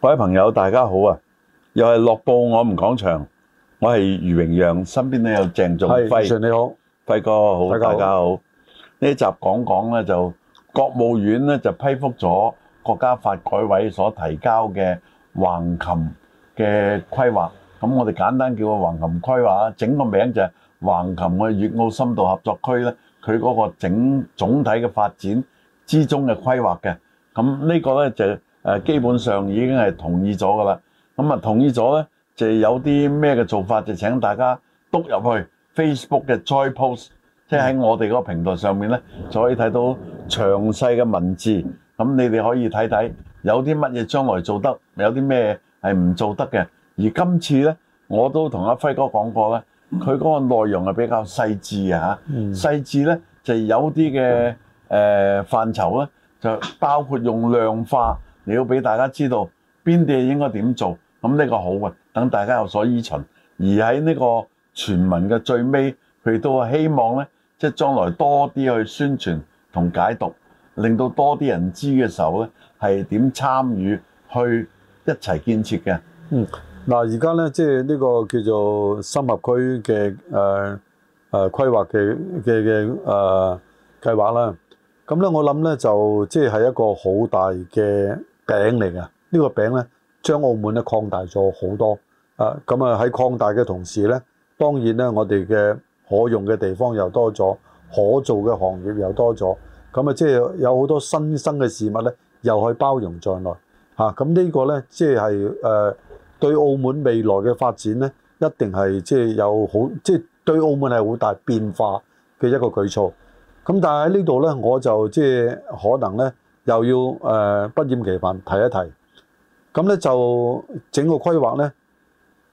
各位朋友，大家好啊！又係樂報我哋講場，我係余榮讓，身邊都有鄭仲輝。係，你好，輝哥好，大家好。呢集講講咧就國務院咧就批復咗國家發改委所提交嘅橫琴嘅規劃。咁我哋簡單叫個橫琴規劃，整個名就係橫琴嘅粵澳深度合作區咧。佢嗰個整總體嘅發展之中嘅規劃嘅。咁呢個咧就。誒基本上已經係同意咗嘅啦，咁啊同意咗呢？就有啲咩嘅做法，就請大家督入去 Facebook 嘅再 post，即係喺我哋嗰個平台上面呢，就可以睇到詳細嘅文字，咁你哋可以睇睇有啲乜嘢將來做得，有啲咩係唔做得嘅。而今次呢，我都同阿輝哥講過呢，佢嗰個內容係比較細緻啊，嚇、嗯，細緻呢，就有啲嘅誒範疇呢，就包括用量化。你要俾大家知道邊啲嘢應該點做，咁呢個好嘅、啊，等大家有所依循。而喺呢個全文嘅最尾，佢都希望呢，即係將來多啲去宣傳同解讀，令到多啲人知嘅時候呢，係點參與去一齊建設嘅。嗯，嗱而家呢，即係呢個叫做深合區嘅誒誒規劃嘅嘅嘅誒計劃啦。咁呢，我諗呢，就即係係一個好大嘅餅嚟嘅呢個餅咧，將澳門咧擴大咗好多。啊，咁啊喺擴大嘅同時咧，當然咧我哋嘅可用嘅地方又多咗，可做嘅行業又多咗。咁啊，即係有好多新生嘅事物呢，又可以包容在內。嚇，咁呢個呢，即係誒對澳門未來嘅發展呢，一定係即係有好即係對澳門係好大變化嘅一個舉措。咁但係呢度呢，我就即係可能呢。又要誒不厭其煩提一提，咁咧就整個規劃咧，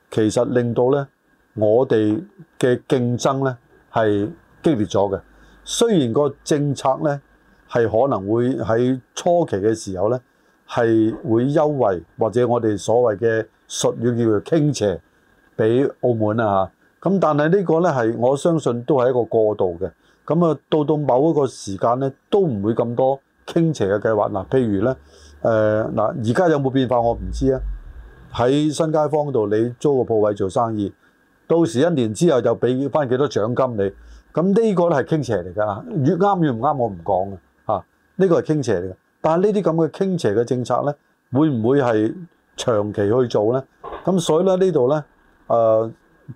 其實令到咧我哋嘅競爭咧係激烈咗嘅。雖然個政策咧係可能會喺初期嘅時候咧係會優惠或者我哋所謂嘅術語叫做傾斜俾澳門啊嚇，咁但係呢個咧係我相信都係一個過渡嘅。咁啊，到到某一個時間咧都唔會咁多。傾斜嘅計劃嗱，譬如咧，誒嗱，而家有冇變化我唔知啊。喺新街坊度，你租個鋪位做生意，到時一年之後就俾翻幾多獎金你。咁呢個咧係傾斜嚟噶，越啱越唔啱我唔講啊。嚇，呢個係傾斜嚟嘅。但係呢啲咁嘅傾斜嘅政策咧，會唔會係長期去做咧？咁所以咧呢度咧，誒，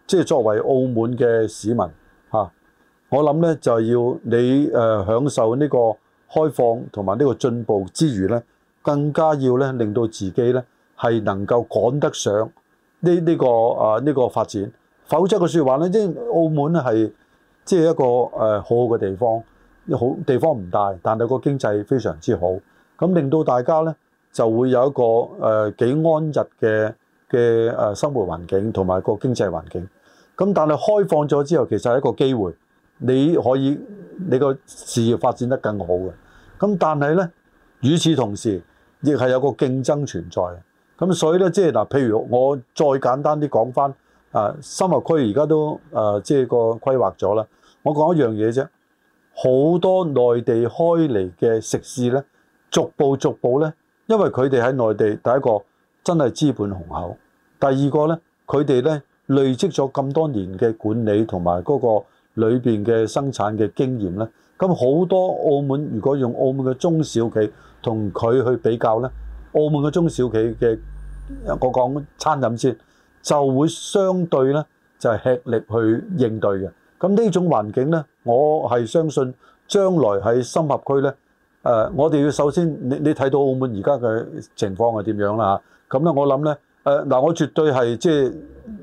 即係作為澳門嘅市民嚇，我諗咧就要你誒享受呢個。開放同埋呢個進步之餘呢，更加要呢令到自己呢係能夠趕得上呢呢個啊呢個發展，否則嘅説話呢，即澳門呢係即係一個誒好好嘅地方，好地方唔大，但係個經濟非常之好，咁令到大家呢就會有一個誒幾安逸嘅嘅誒生活環境同埋個經濟環境，咁但係開放咗之後，其實係一個機會。你可以你個事業發展得更好嘅，咁但係呢，與此同時亦係有個競爭存在。咁所以呢，即係嗱，譬如我再簡單啲講翻，誒深業區而家都誒、啊、即係個規劃咗啦。我講一樣嘢啫，好多內地開嚟嘅食肆呢，逐步逐步呢，因為佢哋喺內地第一個真係資本雄厚，第二個呢，佢哋呢累積咗咁多年嘅管理同埋嗰個裏邊嘅生產嘅經驗咧，咁好多澳門如果用澳門嘅中小企同佢去比較咧，澳門嘅中小企嘅，我講餐飲先，就會相對咧就係吃力去應對嘅。咁呢種環境咧，我係相信將來喺深合區咧，誒，我哋要首先你你睇到澳門而家嘅情況係點樣啦嚇。咁咧我諗咧，誒嗱，我絕對係即係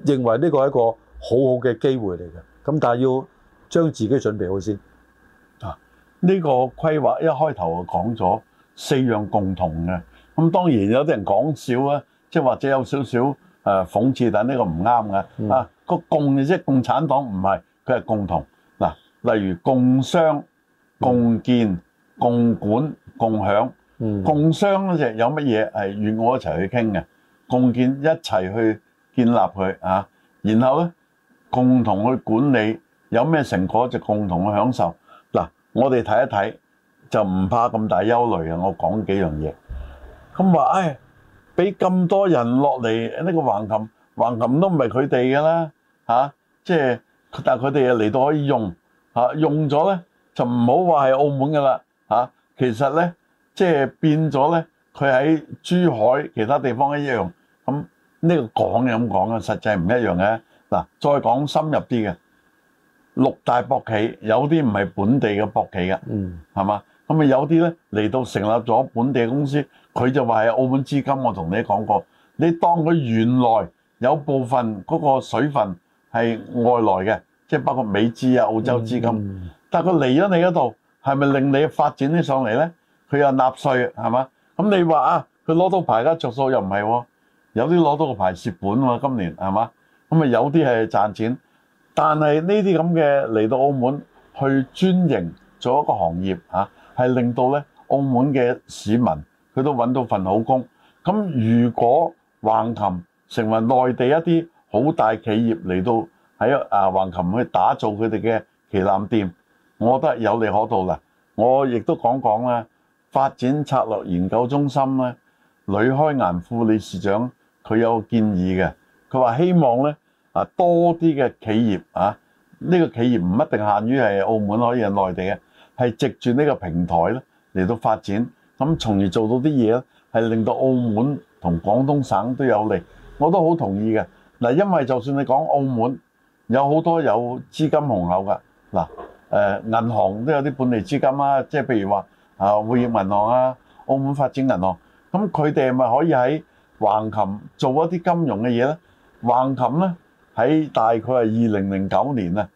認為呢個係一個好好嘅機會嚟嘅。咁但係要將自己準備好先啊！呢個規劃一開頭就講咗四樣共同嘅。咁當然有啲人講笑啊，即係或者有少少誒諷刺，但呢個唔啱嘅啊。個共，即，共產黨唔係，佢係共同嗱。例如共商、共建、共管、共享。共商就有乜嘢係與我一齊去傾嘅？共建一齊去建立佢啊。然後咧，共同去管理。有咩成果就共同去享受嗱，我哋睇一睇就唔怕咁大憂慮啊！我講幾樣嘢咁話，誒俾咁多人落嚟呢個橫琴，橫琴都唔係佢哋嘅啦嚇，即係但係佢哋又嚟到可以用嚇，用咗咧就唔好話係澳門㗎啦嚇，其實咧即係變咗咧，佢喺珠海其他地方一樣咁呢個講就咁講啊，實際唔一樣嘅嗱，再講深入啲嘅。六大博企有啲唔係本地嘅博企嘅，嗯，係嘛？咁啊有啲咧嚟到成立咗本地嘅公司，佢就話係澳門資金。我同你講過，你當佢原來有部分嗰個水分係外來嘅，即係包括美資啊、澳洲資金，嗯、但係佢嚟咗你嗰度，係咪令你發展得上嚟咧？佢又納稅係嘛？咁你話啊，佢攞到牌而家着數又唔係喎，有啲攞到個牌蝕本喎、啊，今年係嘛？咁啊有啲係賺錢。但係呢啲咁嘅嚟到澳門去專營做一個行業吓，係令到咧澳門嘅市民佢都揾到份好工。咁如果橫琴成為內地一啲好大企業嚟到喺啊橫琴去打造佢哋嘅旗艦店，我覺得有利可圖啦。我亦都講講啦，發展策略研究中心咧，呂開顏副理事長佢有建議嘅，佢話希望咧。多啲嘅企業啊，呢個企業唔一定限於係澳門可以係內地嘅，係藉住呢個平台咧嚟到發展，咁從而做到啲嘢咧，係令到澳門同廣東省都有利，我都好同意嘅。嗱，因為就算你講澳門有好多有資金雄厚㗎，嗱，誒銀行都有啲本地資金啊，即係譬如話啊匯業銀行啊、澳門發展銀行，咁佢哋咪可以喺橫琴做一啲金融嘅嘢咧，橫琴咧。喺大概係二零零九年啊，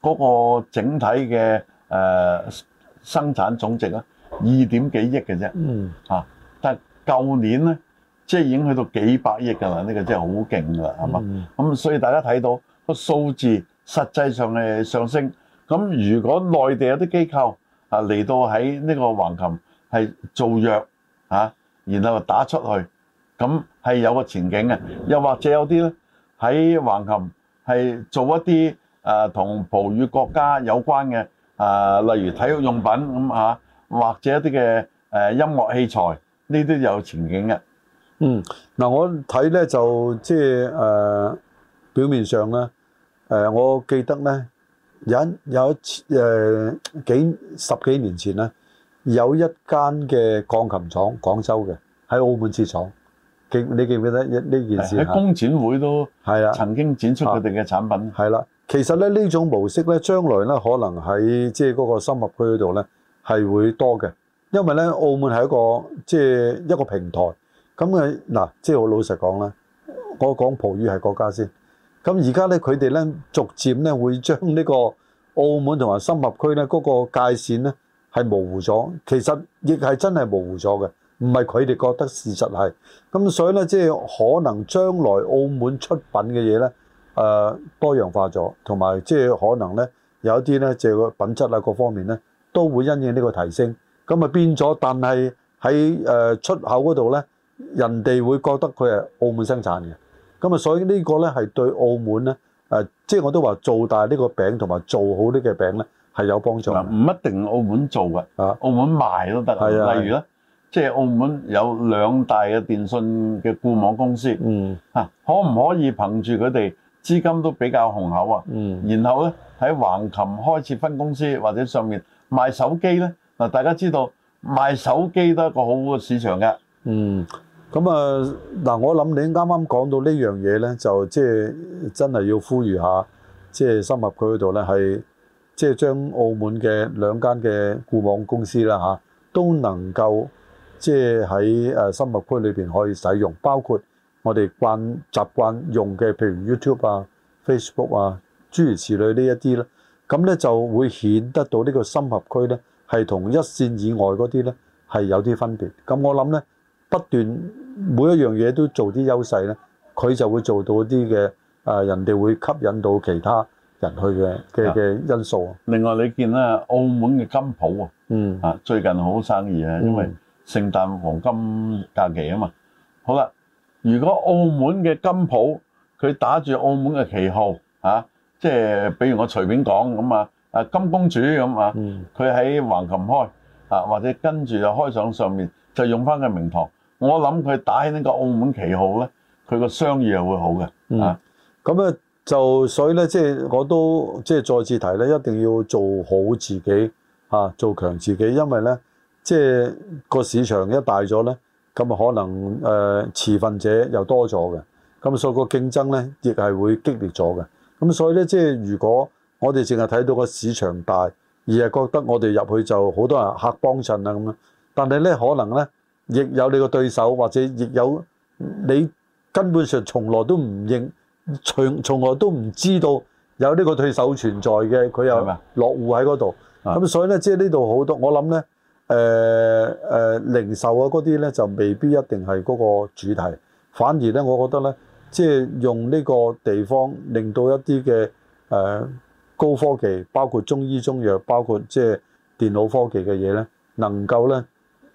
嗰個整體嘅誒生產總值啊，二點幾億嘅啫。嗯。嚇！但係舊年咧，即係已經去到幾百億噶啦，呢個真係好勁噶，係嘛？咁所以大家睇到個數字實際上係上升。咁如果內地有啲機構啊嚟到喺呢個橫琴係做藥啊，然後打出去，咁係有個前景嘅。又或者有啲咧，喺橫琴係做一啲誒同葡語國家有關嘅誒，例如體育用品咁吓，或者一啲嘅誒音樂器材呢啲有前景嘅。嗯，嗱我睇咧就即係誒表面上咧，誒我記得咧有一有一次誒幾十幾年前咧，有一間嘅鋼琴廠，廣州嘅喺澳門設廠。你記唔記得呢呢件事？喺工展會都係啊，曾經展出佢哋嘅產品。係啦，其實咧呢種模式咧，將來咧可能喺即係嗰個深合區嗰度咧係會多嘅，因為咧澳門係一個即係一個平台。咁啊嗱，即係我老實講咧，我講葡語系國家先。咁而家咧佢哋咧逐漸咧會將呢個澳門同埋深合區咧嗰個界線咧係模糊咗。其實亦係真係模糊咗嘅。唔係佢哋覺得事實係，咁所以咧，即係可能將來澳門出品嘅嘢咧，誒多樣化咗，同埋即係可能咧有一啲咧，即係個品質啊各方面咧，都會因應呢個提升，咁啊變咗。但係喺誒出口嗰度咧，人哋會覺得佢係澳門生產嘅，咁啊，所以呢個咧係對澳門咧誒，即係我都話做大呢個餅同埋做好啲嘅餅咧，係有幫助。唔一定澳門做嘅，啊，澳門賣都得。係啊。例如咧。即係澳門有兩大嘅電信嘅固網公司，嗯啊，可唔可以憑住佢哋資金都比較雄厚啊？嗯，然後咧喺橫琴開設分公司或者上面賣手機咧嗱，大家知道賣手機都係一個好好嘅市場嘅，嗯，咁啊嗱，我諗你啱啱講到呢樣嘢咧，就即係真係要呼籲下，即係深合區嗰度咧係即係將澳門嘅兩間嘅固網公司啦嚇，都能夠。即係喺深合區裏面可以使用，包括我哋慣習慣用嘅，譬如 YouTube 啊、Facebook 啊、諸如此類呢一啲咧，咁咧就會顯得到呢個深合區咧係同一線以外嗰啲咧係有啲分別。咁我諗咧不斷每一樣嘢都做啲優勢咧，佢就會做到啲嘅人哋會吸引到其他人去嘅嘅因素啊。另外你見啦，澳門嘅金舖啊，嗯啊最近好生意啊，嗯，因為聖誕黃金假期啊嘛，好啦，如果澳門嘅金鋪佢打住澳門嘅旗號啊，即係比如我隨便講咁啊，啊金公主咁啊，佢喺橫琴開啊，或者跟住就開上上面就用翻個名堂，我諗佢打起呢個澳門旗號咧，佢個商業係會好嘅啊。咁、嗯、咧就所以咧，即係我都即係再次提咧，一定要做好自己啊，做強自己，因為咧。即係個市場一大咗呢，咁啊可能誒、呃、持份者又多咗嘅，咁所以個競爭呢亦係會激烈咗嘅。咁所以呢，即係如果我哋淨係睇到個市場大，而係覺得我哋入去就好多人客幫襯啊咁樣，但係呢，可能呢，亦有你個對手，或者亦有你根本上從來都唔認，從從來都唔知道有呢個對手存在嘅，佢又落戶喺嗰度。咁所以呢，即係呢度好多，我諗呢。誒、呃、誒、呃，零售啊嗰啲咧就未必一定係嗰個主題，反而咧，我覺得咧，即、就、係、是、用呢個地方令到一啲嘅、呃、高科技，包括中醫中藥，包括即係電腦科技嘅嘢咧，能夠咧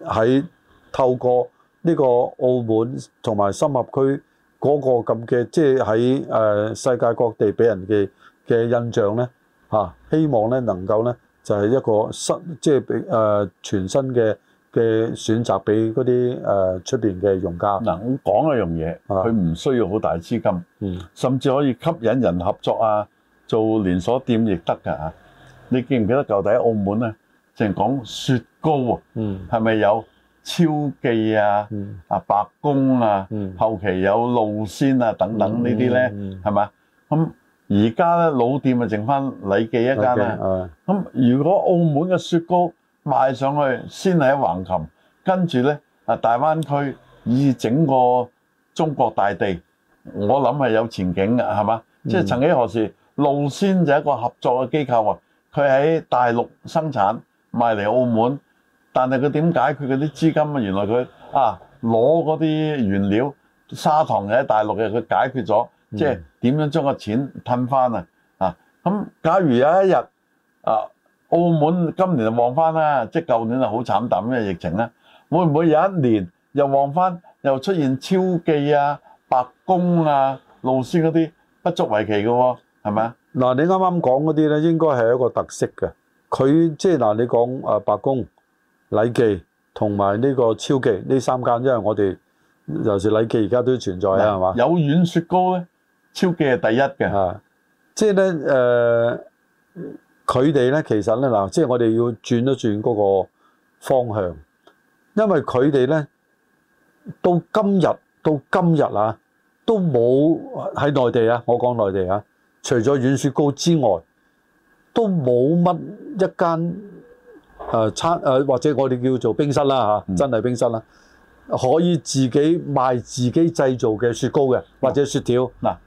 喺透過呢個澳門同埋深合區嗰個咁嘅，即係喺誒、世界各地俾人嘅嘅印象咧、啊，希望咧能夠咧。就係一個新，即係俾誒全新嘅嘅選擇俾嗰啲誒出邊嘅用家。嗱，我講一樣嘢，佢唔需要好大資金，甚至可以吸引人合作啊，做連鎖店亦得㗎嚇。你記唔記得舊底澳門咧？淨係講雪糕啊，係咪有超記啊、啊白工啊、後期有路線啊等等呢啲咧？係咪？咁。而家咧，老店啊，剩翻禮記一間啦。咁、okay, uh, 如果澳門嘅雪糕賣上去，先喺橫琴，跟住咧啊，大灣區以整個中國大地，我諗係有前景噶，係嘛、嗯？即係曾幾何時，路先就係一個合作嘅機構喎。佢喺大陸生產賣嚟澳門，但係佢點解佢嗰啲資金啊？原來佢啊攞嗰啲原料砂糖喺大陸嘅，佢解決咗。即係點樣將個錢吞翻啊？啊咁，假如有一日啊，澳門今年就旺翻啦！即係舊年啊，好慘淡咁嘅疫情咧，會唔會有一年又旺翻，又出現超記啊、白宮啊、路宣嗰啲不足為奇嘅喎？係咪啊？嗱，你啱啱講嗰啲咧，應該係一個特色嘅。佢即係嗱，你講啊，白宮、禮記同埋呢個超記呢三間，因為我哋尤其是禮記而家都存在啊，係嘛？有軟雪糕咧～超記係第一嘅，嚇、啊！即係咧，誒、呃，佢哋咧，其實咧，嗱、啊，即、就、係、是、我哋要轉一轉嗰個方向，因為佢哋咧到今日到今日啊，都冇喺內地啊，我講內地啊，除咗軟雪糕之外，都冇乜一間誒、啊、餐誒、啊、或者我哋叫做冰室啦、啊、嚇、嗯，真係冰室啦、啊，可以自己賣自己製造嘅雪糕嘅或者雪條嗱。啊。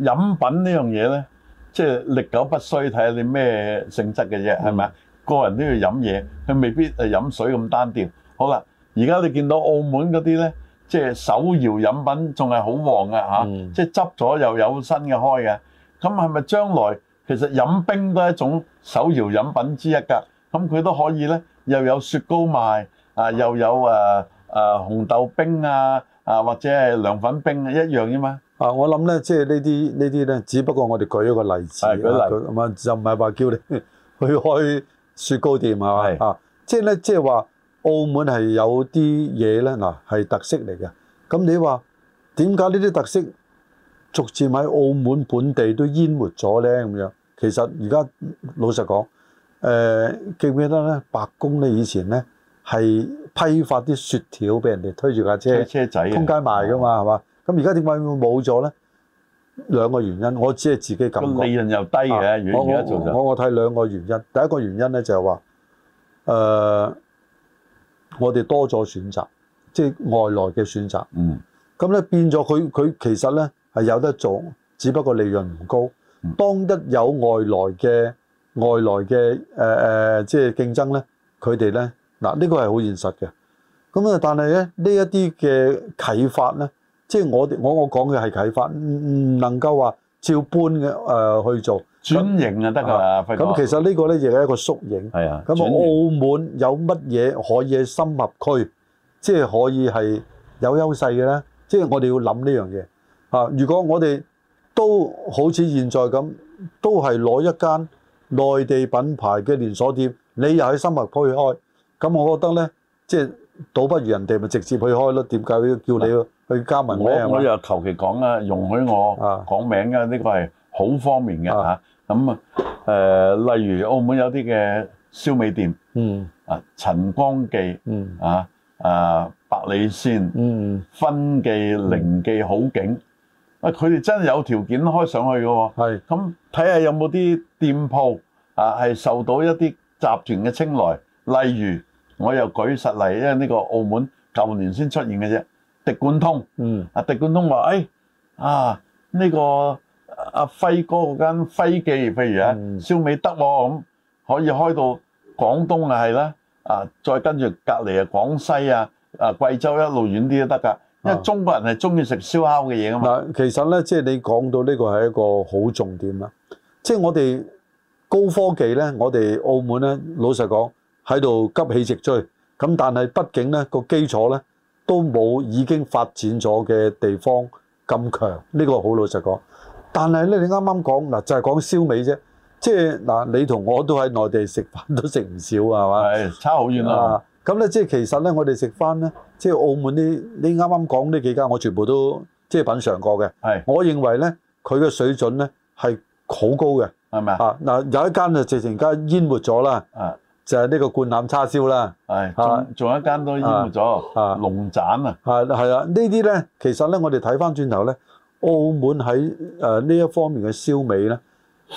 飲品呢樣嘢咧，即係歷久不衰，睇下你咩性質嘅啫，係咪啊？個人都要飲嘢，佢未必係飲水咁單調。好啦，而家你見到澳門嗰啲咧，即係手搖飲品仲係好旺㗎吓，即係執咗又有新嘅開嘅。咁係咪將來其實飲冰都係一種手搖飲品之一㗎？咁佢都可以咧，又有雪糕賣啊，又有啊啊紅豆冰啊啊，或者係涼粉冰一樣啫嘛。啊，我諗咧，即係呢啲呢啲咧，只不過我哋舉一個例子，舉例子啊，例咁又唔係話叫你去開雪糕店啊，即係咧，即係話澳門係有啲嘢咧，嗱係特色嚟嘅。咁你話點解呢啲特色逐漸喺澳門本地都淹沒咗咧？咁樣其實而家老實講，誒、呃、記唔記得咧？白宮咧以前咧係批發啲雪條俾人哋推住架車，車、車仔、啊、通街賣噶嘛，係、嗯、嘛？咁而家點解會冇咗咧？兩個原因，我只係自己感覺。個利潤又低嘅，遠遠一做就。我我睇兩個原因。第一個原因咧就係話，誒，我哋多咗選擇，即係外來嘅選擇。嗯。咁咧變咗佢佢其實咧係有得做，只不過利潤唔高。當一有外來嘅外來嘅誒誒，即係競爭咧，佢哋咧嗱呢個係好現實嘅。咁啊，但係咧呢一啲嘅啟發咧。即係我我我講嘅係啟發，唔唔能夠話照搬嘅誒去做轉型就得㗎，輝哥。咁其實呢個咧亦係一個縮影。係啊。咁澳門有乜嘢可以喺深合區，即係可以係有優勢嘅咧？即係我哋要諗呢樣嘢嚇。如果我哋都好似現在咁，都係攞一間內地品牌嘅連鎖店，你又喺深合區去開，咁我覺得咧，即係倒不如人哋咪直接去開咯。點解要叫你？去加盟，我我又求其講啊，容許我講名嘅，呢個係好方便嘅嚇。咁誒，例如澳門有啲嘅燒味店，嗯啊，陳光記，嗯啊，誒百里鮮，嗯，分記、靈記、好景，啊，佢哋真係有條件開上去㗎喎。係。咁睇下有冇啲店鋪啊，係受到一啲集團嘅青睞。例如我又舉實例，因為呢個澳門舊年先出現嘅啫。迪貫通，嗯，阿迪貫通話，誒啊，呢個阿輝哥嗰間輝記，譬如咧燒味得喎，咁可以開到廣東啊，係啦，啊，再跟住隔籬啊廣西啊，啊貴州一路遠啲都得㗎，因為中國人係中意食燒烤嘅嘢㗎嘛。嗱，其實咧，即係你講到呢個係一個好重點啦，即係我哋高科技咧，我哋澳門咧，老實講喺度急起直追，咁但係畢竟咧個基礎咧。都冇已經發展咗嘅地方咁強，呢個好老實講。但係咧，你啱啱講嗱，就係講燒味啫，即係嗱，你同我在內都喺內地食飯都食唔少啊，係嘛？差好遠啦。咁咧，即係其實咧，我哋食翻咧，即係澳門啲你啱啱講呢幾間，我全部都即係品嚐過嘅。係。我認為咧，佢嘅水準咧係好高嘅。係咪啊？嗱、呃，有一間就直情而家淹沒咗啦。啊。就係、是、呢個灌籠叉燒啦，係、哎，仲仲有一間都淹沒咗、哎，龍斬啊，係啦，係呢啲咧，其實咧，我哋睇翻轉頭咧，澳門喺誒呢一方面嘅燒味咧，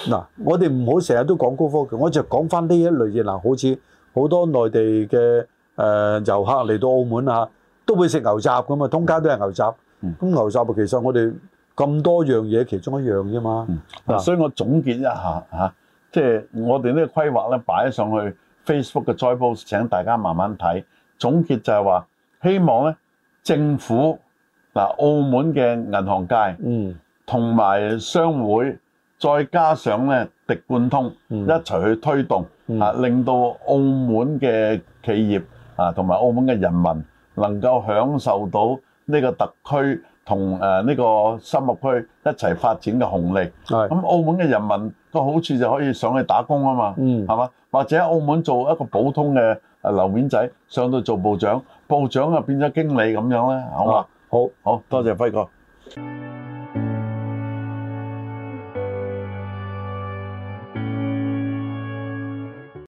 嗱， 我哋唔好成日都講高科技，我就講翻呢一類嘢嗱，好似好多內地嘅誒、呃、遊客嚟到澳門啊，都會食牛雜㗎嘛，通街都係牛雜，咁、嗯、牛雜其實我哋咁多樣嘢其中一樣啫嘛，嗱、嗯，所以我總結一下嚇，即、啊、係、就是、我哋呢個規劃咧擺上去。Facebook 嘅再 post，請大家慢慢睇，總結就係話希望咧政府，嗱澳門嘅銀行界，嗯，同埋商會，再加上咧迪貫通一齊去推動啊，令到澳門嘅企業啊同埋澳門嘅人民能夠享受到呢個特區。同誒呢個深入區一齊發展嘅紅利，咁澳門嘅人民個好處就可以上去打工啊嘛，係、嗯、嘛？或者澳門做一個普通嘅樓面仔，上到做部長，部長啊變咗經理咁樣咧，好嘛、啊？好好，多謝輝哥。嗯